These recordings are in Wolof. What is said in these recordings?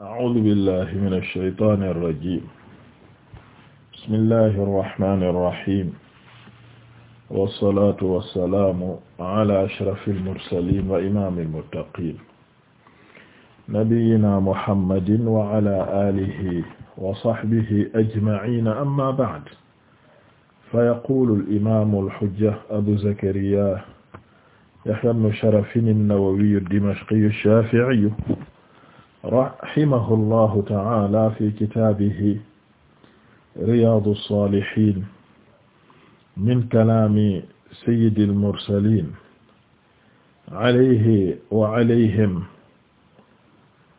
a'uuzu billahi mina shaytaani rajiim bismillahi rahmaani rahiim wassalaatu wassalaamu alaa ashrafil mursaliin wa imaamil muttaqiin nabiyyinaa muhammadin wa alaa aalihi wa sahbihi ajma'iin ammaa ba'd fayaquulu al-imaamul hujja abuu zakariyyaa yahyaa ibnu sharafin an-nawawiyyu ad-dimashqiyyu ash-shaafi'iyyu rahimahullahu ta'ala fi kitaabihi riyaadu saalihiin min kalaami sayyidil mursaliin alayhi wa alayhim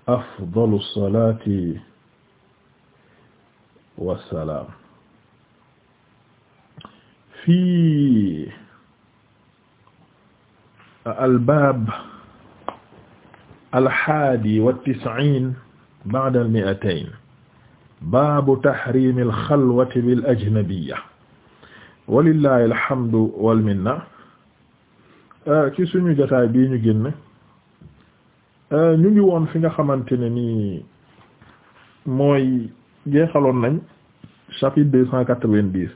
afdalu salaati wa salaam fi albaab alxaadi wa tis'iin ba'da al-mi'atayn baabu taxriimi alxalwati bil ajnabiyya walillahi alhamdu wal minna ci suñu jataay bii ñu génn ñu ngi woon fi nga xamante ne nii mooy jeexaloon nañ chapitre deux cent quatre-vingt-dix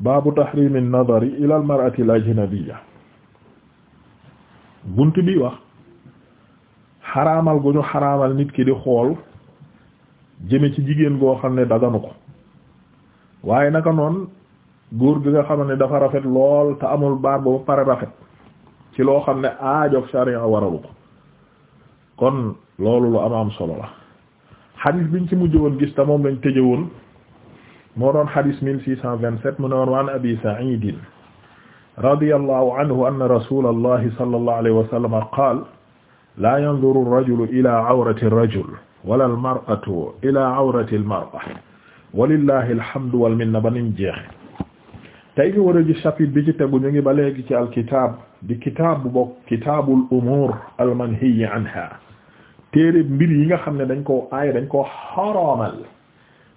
baabu taxriimi an-nadari ila al-mar'ati bunt bi wax. xaraamal gu ñu xaraamal nit ki di xool jëme ci jigéen goo xam ne daganu ko waaye naka noon góor gi nga xam ne dafa rafet lool te amul baar ba pare rafet ci loo xam ne aajoog sharia waralu ko kon loolu lu am am solo la xadis biñ ci mujj woon gis te moom lañ tëje woon moo doon xadis mille six cent vingt-sept mu ne woon waan abi sa'idin radiyallahu anhu anna rasulallahi sallallahu alayhi wa qaal laa yanzuru ar-rajulu ilaa awrati ar-rajul wala al-mar'atu ilaa awrati al-mar'a walillahi alhamdu wal minna ba nim jeexe tey ñu war a gis chapitre bi ci tegu ñu ngi ba léegi ci alkitaab di kitaab bu bokk kitaabul umuur almanhiyi anha téere mbir yi nga xam ne dañ koo aay dañ koo xaraamal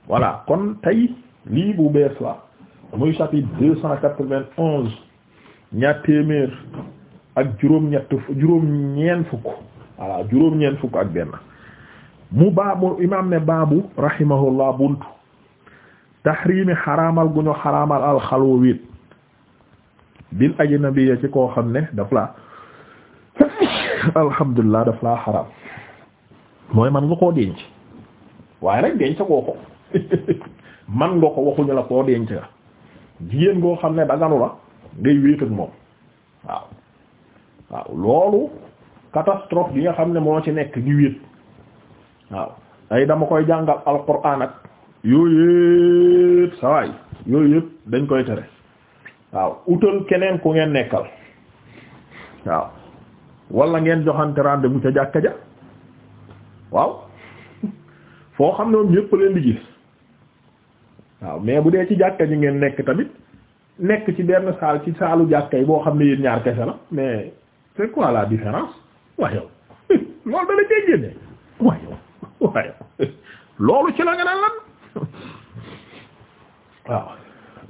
voilà kon tey lii bu bees la muy chapitre deux cent quatre-vingt-onze ñaar téeméer ak juróom-ñett juróom-ñeent fukk voilà juróom-ñeent fukk ak benn mu baabu imaam ne baabu rahimahullah buntu tahrimi xaraamal gu ñu xaraamal alxalwa wéet bil ajnabiyya ci koo xam ne daf laa alhamdulilah daf laa xaraam mooy man nga koo denc waaye nag denc koo ko man nga ko waxuñu la koo denc la jigéen goo xam ne daganu la ngay wéet moom waaw waaw loolu catastrophe bi nga xam ne moo ci nekk gi wéet waaw ay dama koy jàngal alquran ak yooyu yëpp sawaay yooyu yëpp dañ koy tere waaw utal keneen ku ngeen nekkal waaw wala ngeen joxante rendez-vous ca jàkka ja waaw foo xam ne moom ñépp leen di gis waaw mais bu dee ci jàkka ji ngeen nekk tamit nekk ci benn saal ci saalu jàkka yi boo xam ne yéen ñaar kese la mais c'est quoi différence waaye loolu ci la nga naan lan waaw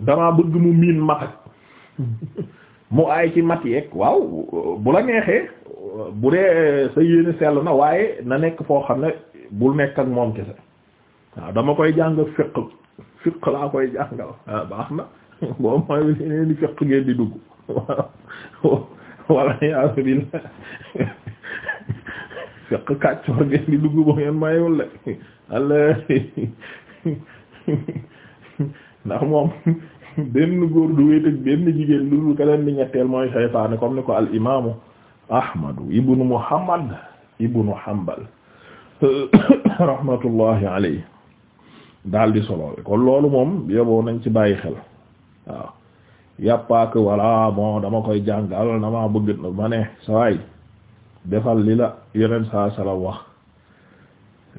damaa bëgg mu miin mat mu aay ci mat yeeg waaw bu la neexee bu dee sa yéene sell na waaye na nekk foo xam ne bul nekk ak moom kese waaw dama koy jàng fiq fiq laa koy jàngal baax na boobu mooy li ni ngeen di dugg waaw walla yaa billah fekk kàccoor ngeen di dugg boo ngeen mayul la allah ndax moom benn góor du wéet ak benn jigéen lu dul ka leen di ñetteel mooy saytaane comme ni ko al imaamu ahmadu ibnu muhammad ibnu hanbal rahmatullahi alayhi daal di solo kon loolu moom yoboo nañ ci bàyyi xel waaw yàppaak walla bon dama koy jàngal dama bëgg ma ne sawaay defal li la yeneen saa sala wax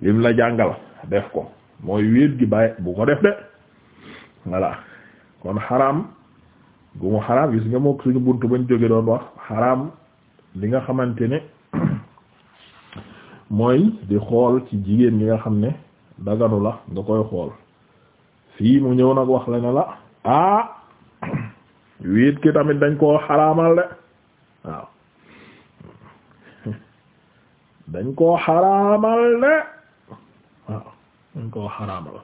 lim la jàngal def ko mooy wéet gi bàyyi bu ko def de voilà kon xaraam gu mu xaraam gis nga mook suñu bunt bañ jóge doon wax xaraam li nga xamante ne mooy di xool ci jigéen ñi nga xam ne daganu la nga koy xool fii mu ñëw nag wax la ne la ah wéet ki tamit dañ koo xaraamal de waaw dañ ko xaraamal de waaw dañ koo xaraamal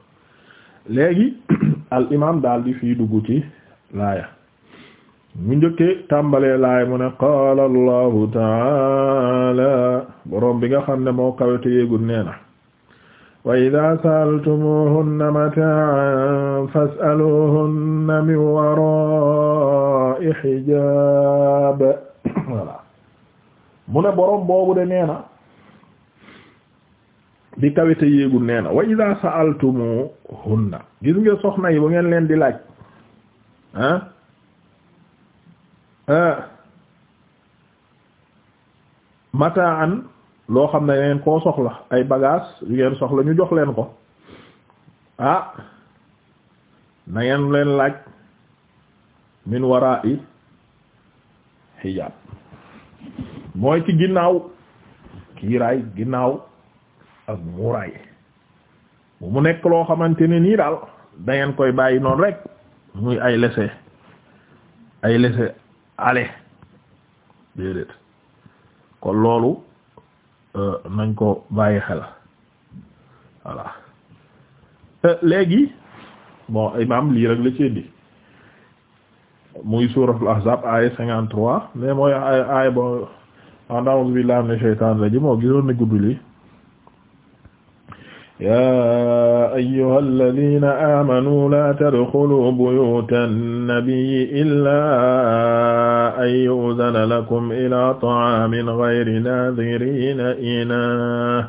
léegi al imam daal di fii dugg ci laaya mu njëkkee tàmbalee laaya mu qaala allahu taala borom bi nga xam ne moo kawete yéegul nee wa ida saaltumuhunna mataan fasaluhunna min wara'i hijab voilà borom boobu de di kawete yéegul nee na wa idha sa'altumuhunna gis nga soxna yi ba ngeen leen di laaj ah, ah mataan loo xam ne ngeen koo soxla ay bagages yu ngeen soxla ñu jox leen ko ah na leen laaj min wara'i hijab mooy ci ginnaaw kiiraay ginnaaw ak mu nekk loo xamante ne nii daal da koy bàyyi noonu rek muy ay lese ay lese aller déedéet loolu euh, nañ ko bàyyi xel voilà euh, léegi bon imam lii rek la ci indi muy la ahzab aaya cinquante trois mais mooy aaya bo en a'uuzu billahi minash shaytaanir rajiim moo gisoon na gudd lii yaa ayyuhal ladiina aamanuu laa tadxuluu buyuutan nabiyyi illaa an yu'zana lakum ilaa ta'aamin ghayri naadiriina inaah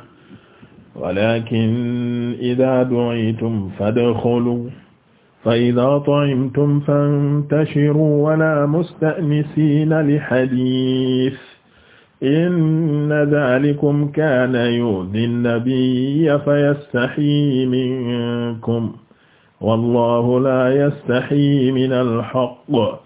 walaakin izaa du'iitum fadxuluu fa izaa ta'imtum fantashiruu wa laa musta'nisiina li hadiis inna dhalikum kana yu'dhi an-nabiyya fayastahyi minkum wallahu la yastahyi min al-haqq wa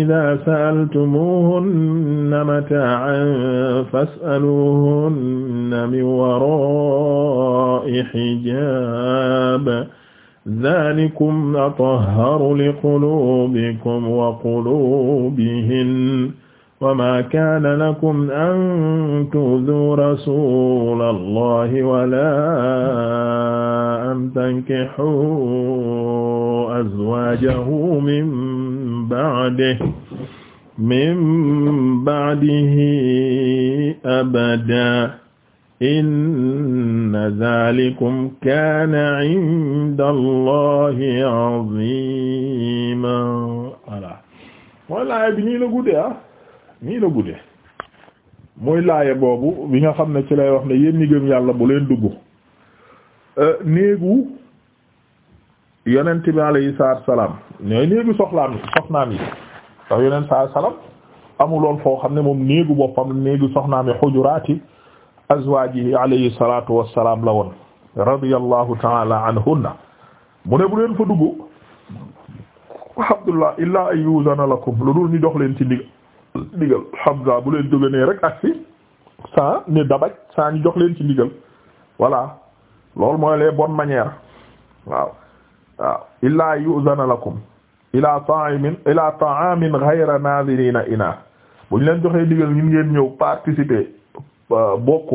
idha sa'altumuhunna mata'an fas'aluhunna min wara'i hijab dhalikum atahharu liqulubikum wa qulubihin وما كان لكم أن تؤذوا رسول الله ولا أن تنكحوا أزواجه من بعده من بعده أبدا إن ذلكم كان عند الله عظيما voilà mooy laay bi nii la guddee nii la guddee muy laaye boobu bi nga xam ne ci lay wax ne yéen ñi gëm yàlla bu leen dugg euh, néegu yonent bi alayhi salaatu salaam ñooy néegu soxlaam yi soxnaam yi tax yonent saa salaam amuloon foo xam ne moom néegu boppam néegu soxnaam yi xujuraati azwaajihi alayhi salaatu wa salaam la woon radiyallahu ta'ala anhunna mu ne bu leen fa dugg alhamdulillah illaa ay lakum lu dul ñu jox leen ci ndig ndigal Hamza bu leen jóge nee rek agsi sans ni dabaj sans ñu jox leen ci ndigal voilà loolu mooy les bonnes manières waaw waaw illaa yu'zana lakum ila ta'imin ila ta'amin ghayra nadirina ina bu ñu leen joxee ndigal ñun ngeen ñëw participer euh, bokk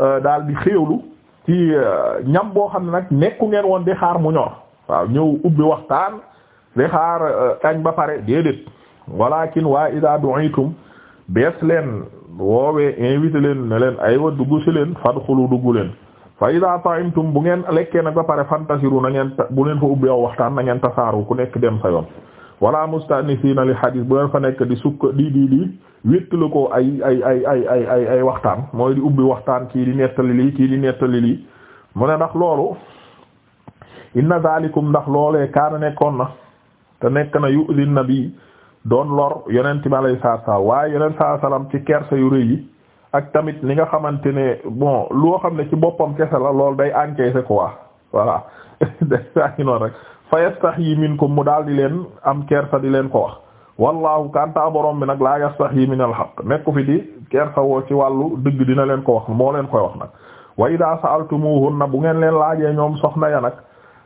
euh, daal di xéewlu ci euh, ñam boo xam ne nag nekku ngeen woon di xaar mu ñor waaw ñëw ubbi waxtaan di xaar kañ ba pare déedéet walakin waa ida du'itum bees leen woowee invité leen ne leen aywa dugg si leen fadxulu dugg leen fa ida ta'imtum bu ngeen lekkee nag ba pare fantasiru nangeen bu ngeen fa ubbi waxtaan na ngeen tasaaru ku nekk dem sa yoon wala mustanisiina li hadis bu ngeen fa nekk di sukk di di di wéttala ko ay ay ay ay ay ay waxtaan mooy di ubbi waxtaan kii di nettali lii kii di nettali lii mu ne ndax loolu inna zalikum ndax loolee kaana nekkoon na te nekk na yu'zi nabi doon lor yonent bi alayhi salaatu salaam waaye yonent saa salaam ci kersa yu rëy yi ak tamit li nga xamante ne bon loo xam ne ci boppam kese la lool day ko quoi voilà day saa noonu rek fa yastahyi ko mu daal di leen am kersa di leen ko wax. wallaahu kanta borom bi nag laa yastahyi minal haqq nekku fi di kersa woo ci wàllu dëgg dina leen ko wax moo leen koy wax nag. wa idaa sa'altumuhunna bu ngeen leen laajee ñoom soxna ya nag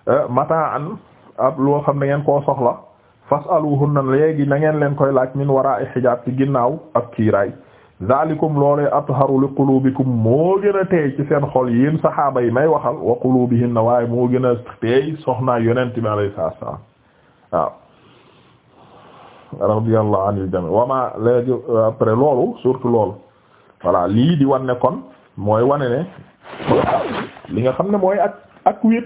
eh, mataan ab loo xam ne ngeen koo soxla. fasaluhunna léegi na ngeen leen koy laaj min wara'i hijab ci ginnaaw ak kiiraay zalikum loolee atharu li qulubikum moo gën a teey ci seen xol yéen saxaaba yi may waxal wa na waaye moo gën a teey soxnaa yonent bi alayhi salaam waaw radiyallahu anil jami wama léegi après loolu surtout loolu voilà lii di wan ne kon mooy wane ne li nga xam ne mooy ak ak wéet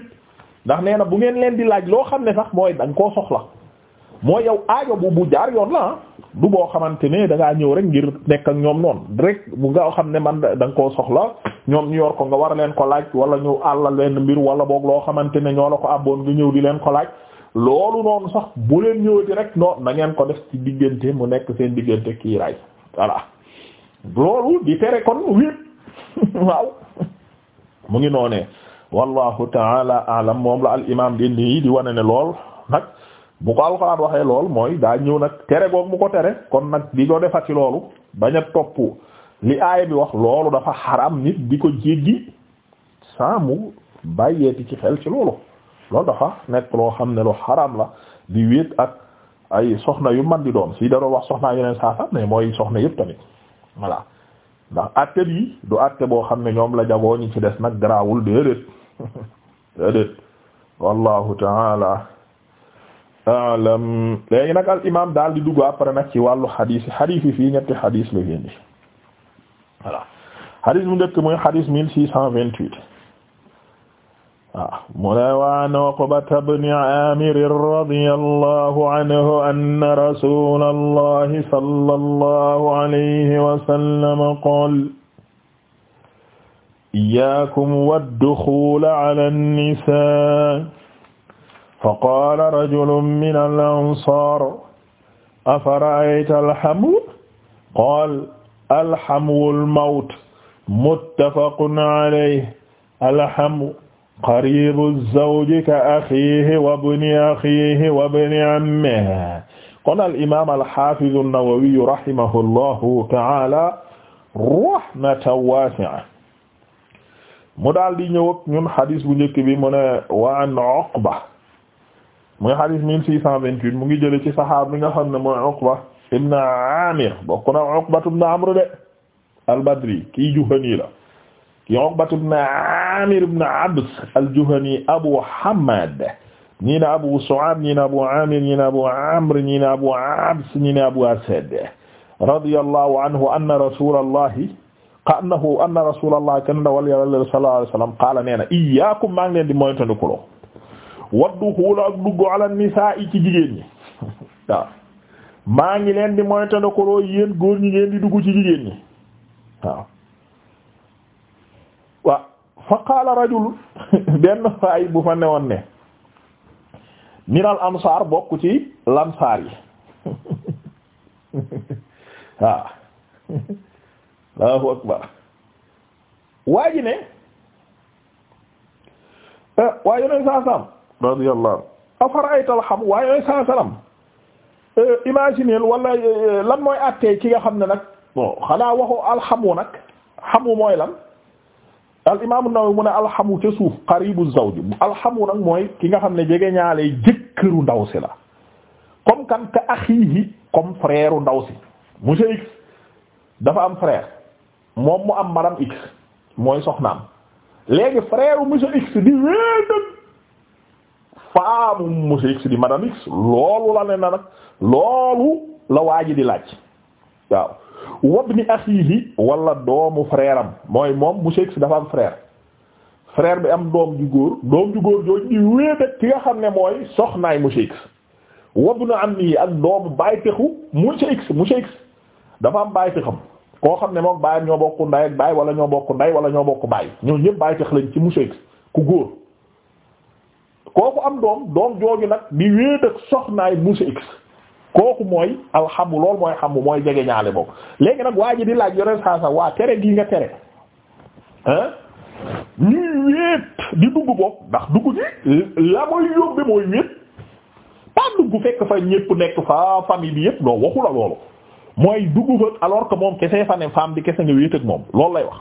ndax nee bu ngeen leen di laaj loo xam ne sax mooy dañ koo soxla mooy yow aajo bu bu jaar yoon la ah. du boo xamante ne da ñëw rek ngir nekk ak ñoom noonu rek mu nga xam ne man da nga koo soxla ñoom ñu yor ko nga war a leen ko laaj wala ñu àllal leen mbir wala boog loo xamante ne ñoo la ko àbboon nga ñëw di leen ko laaj loolu noonu sax bu leen ñëwati rek noonu na ngeen ko def ci diggante mu nekk seen diggante kii raay voilà loolu di tere kon wéet waaw mu ngi noonee wallahu taala alam moom la al imam dindi di wane ne lool nag bu ko alxuraan waxee lool mooy daa ñëw nag tere goog mu ko tere kon nag di ko defati loolu bañ a topp li aay bi wax loolu dafa xaram nit di ko jéggi saa mu bàyyeeti ci xel ci loolu loolu dafa nekk loo xam ne lu xaram la di wéet ak ay soxna yu man di doon si daroo doon wax soxnaa yeneen saa sax mais mooy soxna yëpp tamit voilà ndax àtte bi du àtte boo xam ne ñoom la jagoo ñi ci des nag garaawul déedéet déedéet wallahu taala alam léegi nag al imam daal di dugg après nag ci wàllu xadis xadis yi fii ñetti xadis la fi indi voilà xadis bu njëkk mooy xadis mille six cent vingt-huit waaw mu ne waan Uqbata ibn Aamir radiyallahu anhu anna rasulallahi sallallahu alayhi wa sallam qaala iyyaakum wad-duxuula ala an-nisaa fa qaala rajulun min al-ansaar afara'ayta al-hamw qaala al-hamwu al-mawt muttafaqun alayhi al-hamwu qariibu az-zawji ka axiihi wa ibni axiihi wa ibni ammihi kon al-imaam al-haafiz an-Nawawi rahimahullahu ta'aala rahmatan waasi'atan mu daal di ñëw ak ñun hadiis bu njëkk bi mu ne wa an Uqba muy xadis mille six cent vingt-huit mu ngi jële ci saxaaba bi nga xam ne mooy Uqba ibn Amir bokk na Uqba ibn Amr de al-Badri kii Juhani la kii Uqba ibn Amir ibn Abs al-Juhani Abu Hamad ñii ne Abu Su'ab ñii ne Abu Amir ñii ne Abu Amr ñii ne Abu Abs ñii ne Abu Asad radiyallahu anhu anna rasulallahi annahu anna rasulallahi kan dawal yàlla sallallahu alayhi wa sallam qaala nee na iyyakum maa ngi leen di moytandikuloo waddu xuula ak dugg ala nisaa yi ci jigéen ñi waaw maa ngi leen di moytandikuloo yéen góor ñi ngeen di dugg ci jigéen ñi waaw fa qaala rajul benn faay bu fa newoon ne minal ansaar bokk ci lansaar yi waaw Allahu akbar waa ji ne eh, waaye yoneen saa saam radiyallahu anhu afara'aytal xam waaye yooyu saa salaam imaginer wala euh, lan mooy àttee ci nga xam ne nag bon xanaa waxu alxamu nag xamu mooy lan al imaamu Nawawi mu ne alxamu ca suuf qaribu zawj alxamu nag mooy ki nga xam ne jege ñaale jëkkëru ndaw si la comme kan ka axiihi comme frère ndaw si monsieur X dafa am frère moom mu am madame X mooy soxnaam léegi frère monsieur X di wéetal. faamu monsieur X di madame X loolu la ne na nag loolu la waa di laaj waaw wabni axiihi wala doomu frère mooy moom monsieur X dafa am frère frère bi am doom ju góor doom ju góor jooju di wéetak ki nga xam ne mooy soxnaay monsieur X am ammihi ak doomu bàyyitixu monsieur X monsieur X dafa am bàyyitixam koo xam ne moom bàyyam ñoo bokk nday ak baay wala ñoo bokk nday wala ñoo bokku baay ñoo ñëpp bàyyitix lañ ci monsieur X ku góor kooku am doom doom jooju nag di wéet ak soxnaay monsieur X kooku mooy alxamu lool mooy xamu mooy jege ñaale boobu léegi nag waa ji di laaj yore saa sax waa tere gi nga tere ah ñuy wéet di dugg bopp ndax dugg ci la mooy yóbbe mooy wéet pas dugg fekk fa ñépp nekk fa famille bi yépp non waxu la loolu mooy dugg fa alors que moom kese fa ne femme bi kese nga wéet ak moom loolu lay wax.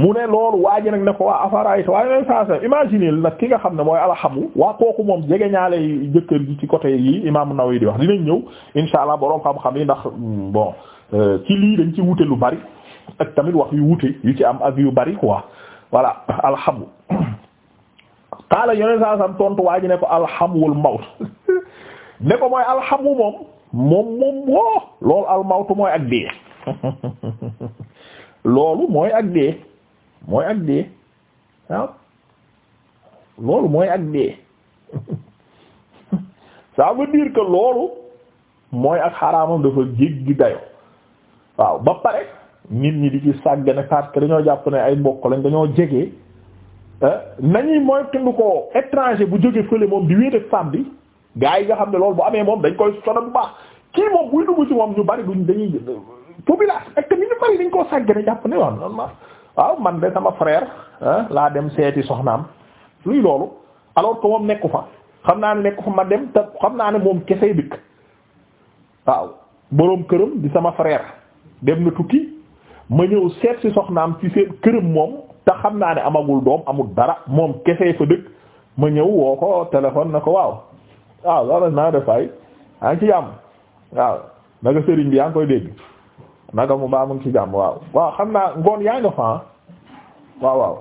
mu ne loolu waa ji nag ne ko waa afarayta waaye leen saasam imagine nag ki nga xam ne mooy alxamu waa kooku moom jege ñaale jëkkër ji ci côté yi imam Nawawi di wax dinañ ñëw insha allah boroom xam-xam yi ndax hmm, bon euh, ci lii dañ ci wute lu bari ak tamit wax yu wute yu ci am ak yu bari quoi voilà alxamu xaala yoneen saasam tontu waa ji ne ko alxamul mawt ne ko mooy alxamu moom moom moom woo loolu almawtu mooy ak dee loolu mooy ak dee mooy ak dee waaw loolu mooy ak dee ça veut dire que loolu mooy ak xaraamam dafa jéggi dayo waaw ba pare nit ñi di ci sàggane parce que dañoo jàpp ne ay mbokk lañ dañoo jege eh, nañuy mooy tënd ko étranger bu jógee fële moom di wéet ak femme bi gars yi nga xam ne loolu bu amee moom dañ koy sono bu baax kii moom buy dugg ci moom ñu bari duñ dañuy population ak tamit ñu bari dañ koo sàggane jàpp ne waaw noonu ma waaw man de sama frère laa dem seeti soxnaam luy loolu alors que moom nekku fa xam naa ne nekku fa ma dem te xam naa ne moom kese dëkk waaw boroom këram di sama frère dem na tukki ma ñëw seet ci soxnaam ci seen këram moom te xam naa ne amagul doom amul dara moom kese fa dëkk ma ñëw woo ko téléphone na ko waaw waaw loolu naa def ay yaa ngi ci jàmm waaw naka sëriñ bi yaa ngi koy dégg. naka mu baa mu ngi ci jàmm waaw waaw xam naa ngoon yaa nga fa waaw waaw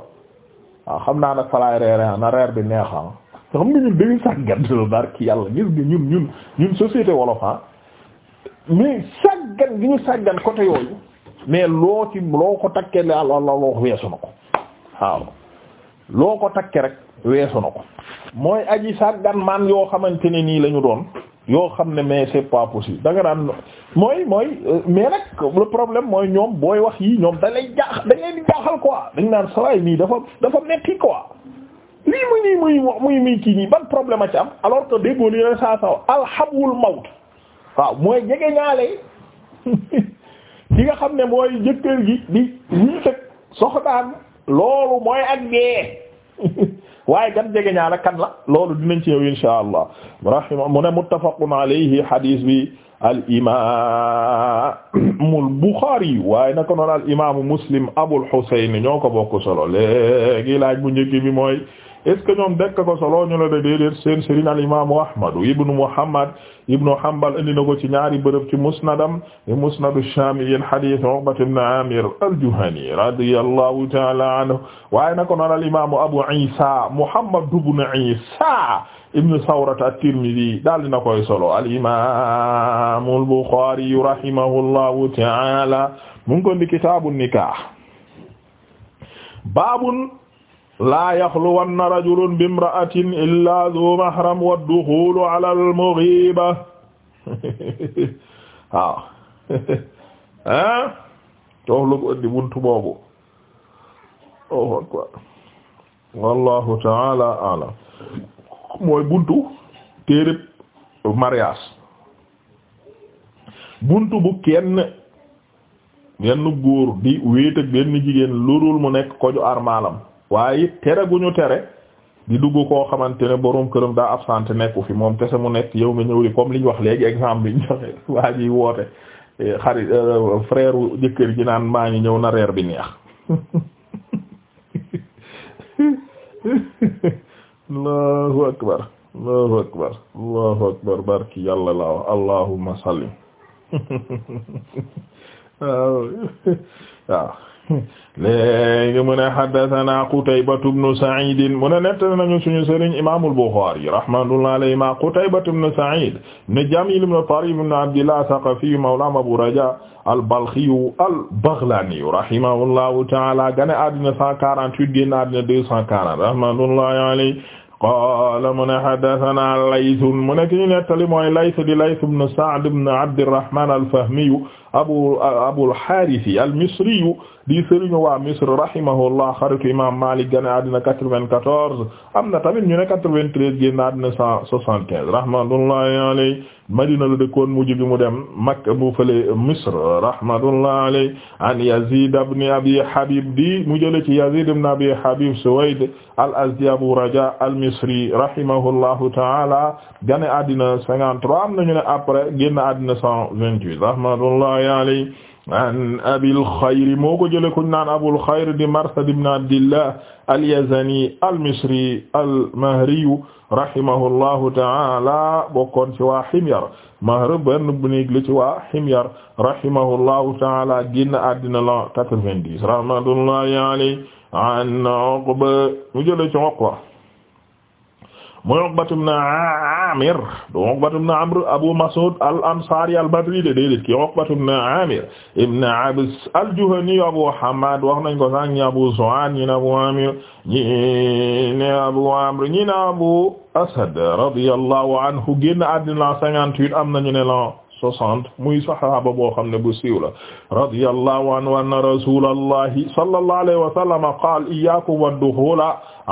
xam naa nag falaay reere na reer bi neexam ah. xam nga ñun dañu sàggan barki yàlla gis nga ñun ñun ñun société wolofa ah. sàggan gi ñu sàggan côté yooyu mais loo ci loo ko takkee la la loo weesu na ko waaw loo ko takkee rek weesu na ko mooy aji sàggan man yoo xamante ne nii lañu doon yoo xam ne mais c'est pas possible da nga naan mooy mooy euh, mais nag le problème mooy ñoom booy wax yi ñoom da lay jaax dañ leen di jaaxal quoi dañ naan sawaay nii dafa dafa metti quoi lii mu nii muy muy muy kii nii ban problème a ci am alors que déggoo li ne saa saw alxabul mawt waaw mooy jege ñaale ki nga xam ne mooy jëkkër gi di ñu teg soxnaan loolu mooy ak dee waaye gan jege ñaala kan la loolu dinañ ci yow insha allah rahima mu ne muttafaqun alayhi hadis bi al imaamul Bukhari waaye naka noonu al imaamu Muslim Abul Husayn ñoo ko bokk solo léegi laaj bu njëkk bi mooy est ce que ñoom ko solo ñu la de déedéet seen sëriñ al imaamu ahmadu ibnu muhammad ibnu hanbal indi na ko ci ñaari bërëb ci musnadam musnadu shaami yéen hadith uqbat ibn amir al-juhani radiyallahu ta'ala anhu waaye na ko noon al imaamu abu isa muhammad ibn isa ibnu sawrat at-tirmidhi daal dina koy solo al imaamu al-bukhari rahimahullahu ta'ala mu ngi ko ndi kitaabu nikah laa yaxluwanna rajulun bimra'atin illaa zu mahram wa duxuulu ala al-mughiiba waaw ah toox lu ko buntu boobu wallahu taala alam mooy buntu téereb mariage buntu bu kenn benn góor di wéet ak jigéen lu mu nekk koju armaalam waaye it tere gu ñu tere di dugg koo xamante ne borom këram daa absenté nekku fi moom kese mu nekk yow ma ñëw di comme li ñu wax léegi exemple bi ñu joxe waa ji woote eh, xarit eh, frère jëkkër ji naan maa ngi ñëw na reer bi neex allahu akbar allahu akbar allahu akbar barki yàlla laa wax allahumma waaw waaw léegi mu ne haddathana Qutaybatu ibnu Sa'id mu ne nettali nañu suñu sëriñ imaamul Buxaari rahmatullahi alayhi ma Qutaybatu ibnu Sa'id ibnu Jamil ibnu Tarif ibnu Abdillah Saqafiyu mawlaahum Abu Raja al-Balkhiyu al-Baghlaniyu rahimahullahu ta'ala gane àddina 148 génn àddina 240 rahmatullahi alayhi qaala mu ne haddathana Layth mu ne ki ñu nettali mooy Layth di Layth ibnu Sa'd ibnu Abdirrahmaan al-Fahmiyu abu abul harisi al misriyu di sëriñu waa misr rahimahullah xaritu imam malik gane àddina 94 am na tamit ñu ne 93 génn àddina 175 rahmatullahi alayhi Madina la dëkkoon mu jigi mu dem Makka bu fële Misr rahmatullah alayhi an Yazid ibn Abi Habib di mu jële ci Yazid ibn Abi Habib Suwayd al-Azdi Abu Raja al-Misri rahimahullahu ta'ala gane àddina 53 am nañu ne après génn àddina 128 rahmatullahi alayhi an abil xayri moo ko jëlee kuñ naan abul xayri di marsad ibn abdillah al-yazani al-misri al-mahriyu rahimahullahu ta'ala bokkoon ci waa Himyar Mahr benn bu néeg la ci waa Himyar rahimahullahu ta'ala génn àddina la 90 rahmatullahi alayhi an Uqba mu jëlee ci Uqba mooy Uqbatu ibn Amir du Uqbatu ibn Amr Abu Mas'ud al-Ansari al-Badri de déedéet ki Uqbatu ibn Amir ibn Abs al-Juhani Abu Hamad wax nañ ko sànq ñi Abu Zu'an ñi ne Abu Amir ñi ne Abu Amr ñi ne Abu Asad radiyallahu anhu génn àddina 58 am nañu ne la soixante muy sahaaba boo xam ne bu siiw la radiyallahu anhu anna rasulallahi sallallahu alayhi wa sallam qaala iyyakum wadduxula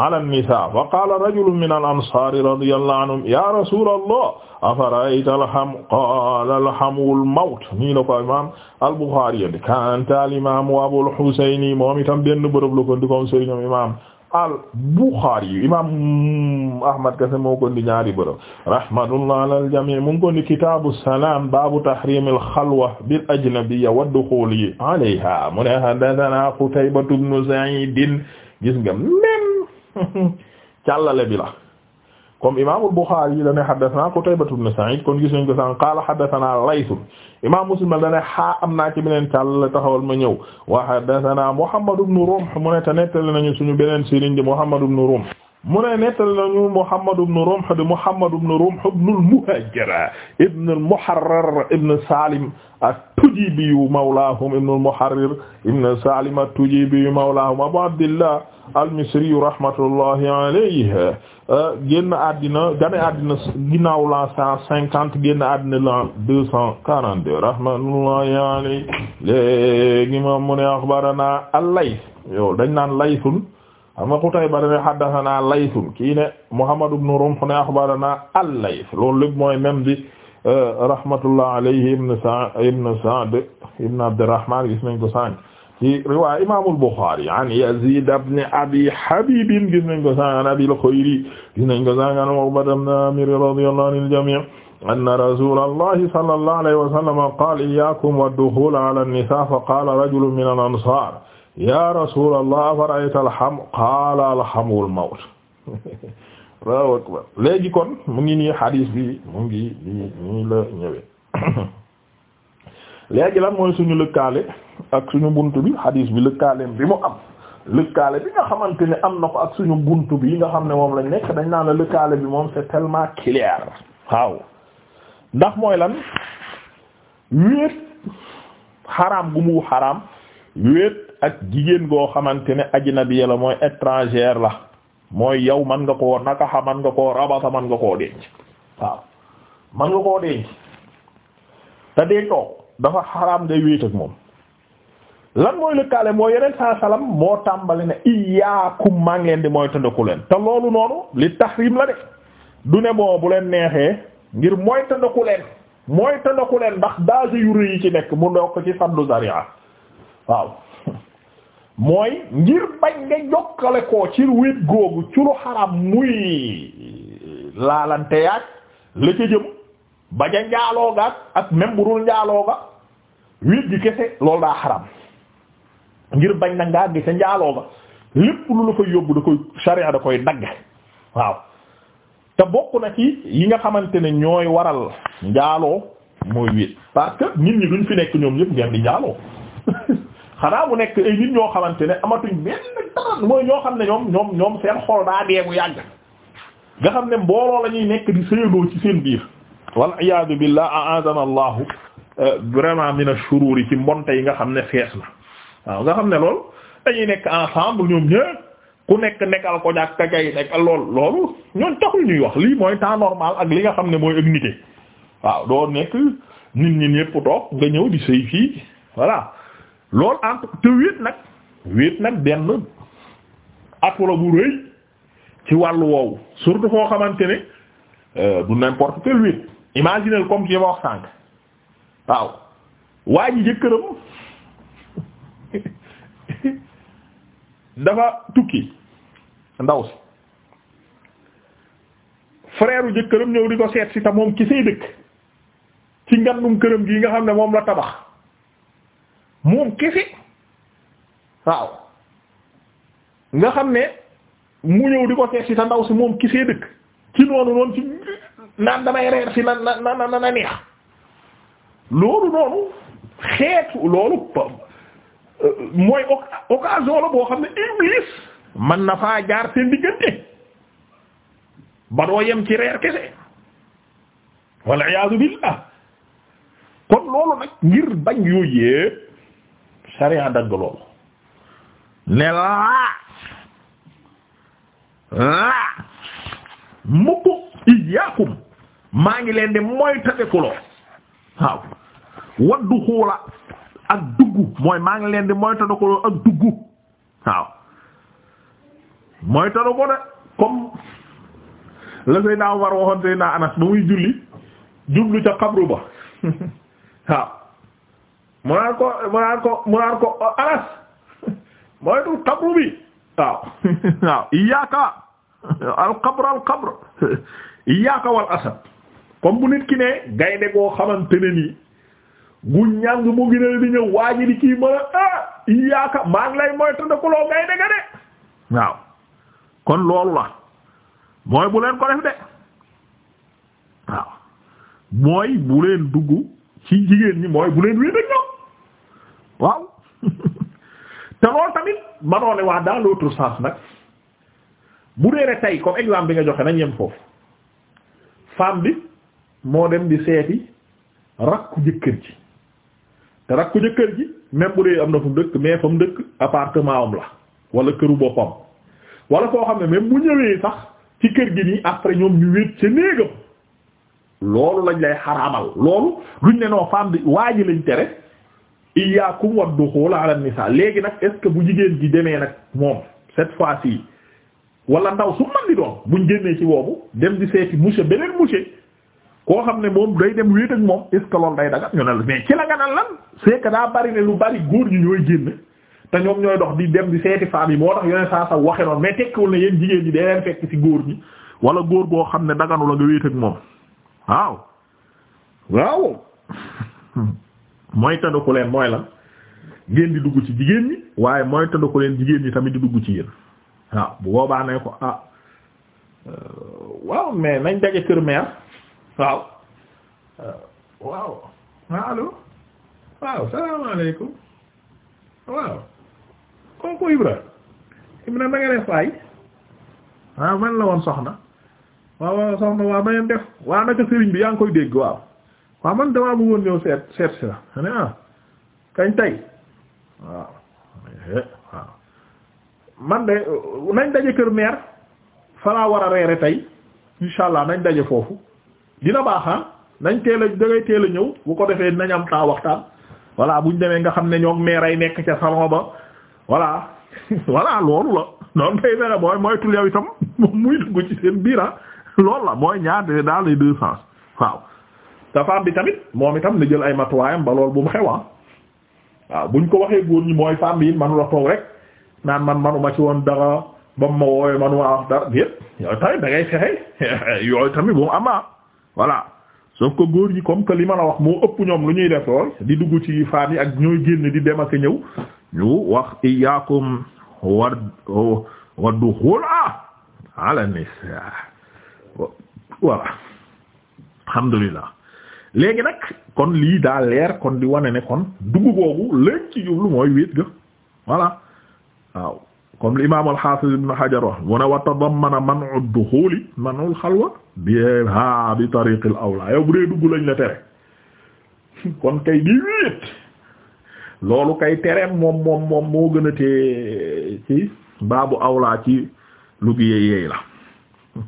ala nnisaa fa qaala rajulun min al ansaari radiyallahu anhum ya rasulallah afara'ayta alham qaala alhamu almawt nii la ko imam al-Buxaari yandi kantal imam Abul Husayn moom itam benn bërëb la ko ndikoom sëriñam imam al Bukhari imam Ahmad kese moo ko ndi ñaari bërëb rahmatullah ala aljami mu ngi ko ndi kitaabu salaam baabu tahrim al xalwa bil ajnabiyya wa dukhuli alayha mu ne haddathana Qutaybatu ibn Sa'id gis nga même càllale bi la comme imaamul Buxaari yi dane haddathana Qutaybatu ibn Sa'id kon gis nañ ko sànq qaala haddathana Layth imaam Muslim dane xaa am naa ci beneen càll taxawal ma ñëw wa haddathana Muhammad ibn Rumh mu ne te nettali nañu suñu beneen sëriñ di Muhammad ibn Rumh mu ne nettali nañu Muhammad ibn Rumh di Muhammad ibn Rumh ibn al-Muhajir ibn al-Muharrir ibn Salim at-Tujibi mawlaahum ibn al-Muharrir ibn Salim at-Tujibi mawlaahum Abu Abdillah al-Misri rahmatullahi alayhi euh, génn àddina gane àddina ginnaaw la cent cinquante génn àddina la deux cent quarante deux rahmatullahi alayhi léegi moom mu ne axbarana al dañ naan Laythun xam nga Qutayba dane haddathana Laythun kii ne Muhammad ibn Rumh ne axbarana al-Layth loolu mooy même bi euh, rahmatullah alayhi ibn Sa'd ibn Sa'd ibn Abdurrahman gis nañ ko sànq ci riwaaya imaamul Buxaari an Yaziid ibn Abi Habiib gis nañ ko sànq an Abil Xayri gis nañ ko sànq an Uqbata ibn Aamir radiyallaahu anil jamii' anna rasuulallaahi sallallaahu alayhi wa sallam qaala iyyaakum wad-duxuula alaa an-nisaa' faqaala rajulun mina al-ansaar yaa rasuulallaah afara'ayta al-hamm qaala al-hammu al-mawt Allaahu akbar léegi kon mu ngi nii hadiis bi mu ngi nii la ñëwee léegi lan mooy suñu lëkkaale ak suñu bunt bi hadis bi lëkkaaleem bi mu am lëkkaale bi nga xamante ne am na ko ak suñu bunt bi nga xam ne moom lañ nekk dañ naa la lëkkaale bi moom c'est tellement clair waaw ndax mooy lan wéet xaraam gu mu xaraam wéet ak jigéen goo xamante ne ajnabiya la mooy étrangère la mooy yow man nga koo nakaxa man nga ko rabata man nga koo denc waaw man nga koo denc te dee toog dafa xaraam ngay wéet ak moom lan mooy lëkkaale moo yeneen saa salaam moo tàmbali na iyaakum maa ngi leen di moytandiku leen te loolu noonu li tahrim la de du ne boo bu leen neexee ngir moytandiku leen moytandiku leen ndax danger yu rëy yi ci nekk mu ndokk ci saddu zaria waaw mooy ngir bañ nga jokkale ko ci wét googu ci lu xaram muy laalante yaag la ca jëm bañ a njaaloo ga ak même bu dul njaaloo ga wét gi kese loolu daa xaram ngir bañ na ngaa gi ca njaaloo ba lépp lu la koy yóbbu da koy sharia da koy dagg waaw te bokk na ci yi nga xamante ne ñooy waral njaaloo mooy wéet parce que nit ñi duñ fi nekk ñoom ñëpp ngeen di njaaloo xanaa mu nekk ay nit ñoo xamante ne amatuñ benn dara mooy ñoo xam ne ñoom ñoom ñoom seen xol daa bu yàgg nga xam ne mbooloo lañuy nekk di séyadoo ci seen biir wal iyaadu billah a'adana allahu euh, vraiment min ash-shururi ci mbonte yi nga xam ne fees na waaw nga xam ne loolu dañuy nekk ensemble ñoom ñëpp ku nekk nekkal ko ñàkk ka kay nekkal lool loolu ñoon taxul ñuy wax lii mooy temps normal ak li nga xam ne mooy ak nité waaw doo nekk nit ñi ñëpp toog nga ñëw di sëy fii voilà lool entre te wéet nag benn atula bu rëy ci wàllu woowu surtout foo xamante ne euh, du n'importe quel wéet imaginez comme ci ma wax sànq waaw waa ji jëkkëram dafa tukki ndaw si frère u jëkkëram ñëw di ko seet si te moom ki say dëkk ci ngandum këram gi nga xam ne moom la tabax moom kese waaw nga xam ne mu ñëw di ko seet si te ndaw si moom kisee dëkk ci noonu noonu ci naan damay reer si na na na na neex loolu noonu xeetu loolu mooy occasion la boo xam ne iblis man na faa jaar seen diggante ba doo yem ci reer kese walla iyaadu billah kon loolu nag ngir bañ yooyu yépp sariya dagg loolu ne laa laa mukk iyaakum maa ngi leen di moytandikuloo waaw waddu xuula ak dugg mooy maa ngi leen di moytanu ko ak dugg waaw moytanu ko de comme la Seydina Umar waxoon Seydina Anas ba muy julli jublu ca xabru ba waaw mu naan ko mu naan ko bi waaw waaw iyyaka al qabr al qabr iyyaka wal asad comme bu nit ki ne gaynde goo xamante ne nii gu ñàng mu ngi ne di ñëw waa ji di kii mën a ah yaaka maa ngi lay moytu ne kuloo ngay waaw kon loolu la mooy bu leen ko def de waaw mooy bu leen ci jigéen ñi mooy bu leen wéet waaw te loolu tamit manoo ne waa dans l'autre sens nag bu dee ne tey comme nga joxe nañ yem foofu femme bi moo dem di seeti rakku jëkkër ji te rakku jëkkër ji même bu dee am na fu mu dëkk mais fa mu dëkk appartement am la wala këru boppam wala koo xam ne même bu ñëwee sax ci kër gi nii après ñoom ñu wéet ci néegam loolu lañ lay xaraamal loolu luñ ne noo femme bi waa ji lañ tere iyyakum wad-dukhul ala an léegi nag est bu jigéen ji demee nag moom cette fois-ci wala ndaw su man di doon buñ génnee ci boobu dem di seeti monsieur beneen monsieur koo xam ne moom day dem wéet ak moom est ce que loolu day dagat ñu ne la mais ci la nga naan lan c'est daa bari ne lu bari góor ñu ñooy génn te ñoom ñooy dox di dem di seeti femmes yi moo tax yeneen saa sa waxe noonu mais tekkiwul ne yéen jigéen ñi day leen ci góor ñi wala góor boo xam ne daganu la nga wéet ak moom waaw waaw mooy leen mooy lan ngeen di dugg ci jigéen waaye mooy tëdd ko leen jigéen ñi tamit di dugg ci yéen waaw bu boobaa ne ko ah, euh, waaw mais nañ daje kër mère Uh, waaw waaw allo waaw salaamaaleykum waaw kooku Ibra Ibra na nga def waaw man la woon soxna waaw waaw soxna waaw na ngeen def waaw bi yaa ngi koy dégg waaw waaw man damaa bëggoon ñëw seet seet si la ma ne ah kañ tey waaw waaw man de nañ daje kër meer falaa war a reere tey insha allah nañ daje foofu dina baaxaan ah. nañ teel a dangay teel a ñëw bu ko defee nañ am temps waxtaan voilà buñ demee nga xam ne ñoom meeray nekk ca salon ba voilà voilà loolu la noonu day mel mooy mooy yow itam muy dugg ci seen biir ah. loolu la mooy ñaar dans les deux sens waaw. te femme bi tamit moom itam na jël ay matuwaayam ba lool bu mu xew ah. waaw buñ ko waxee góor ñi mooy femme manu la toog rek naan man manuma ci woon dara ba ma woowee manuma wax dara déet yooyu tamit da ngay fexe yooyu tamit voilà sauf que góor ñi comme que li ma la wax moo ëpp ñoom lu ñuy def lool di dugg ci faan yi ak ñooy génn di dem ak ñëw ñu wax iyaakum war waddu xula ala nisa voilà alhamdulillah léegi nag kon lii daa leer kon di wane ne kon dugg googu leen ci jublu mooy wéet ga voilà waaw comme l'imam al-Hafiz ibn Hajar wa mu ne wa tadammana man'u ad-dukhuli man'u al-khalwa biha bi tariq al yow bu dee dugg lañ la tere kon kay di loolu kay tereem moom moom moo gën a tee ci baabu awla ci lu gi yeey la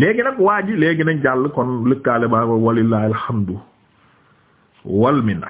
léegi nag waa ji léegi nañ jàll kon lëkkaale baa walillahi alhamdu wal minna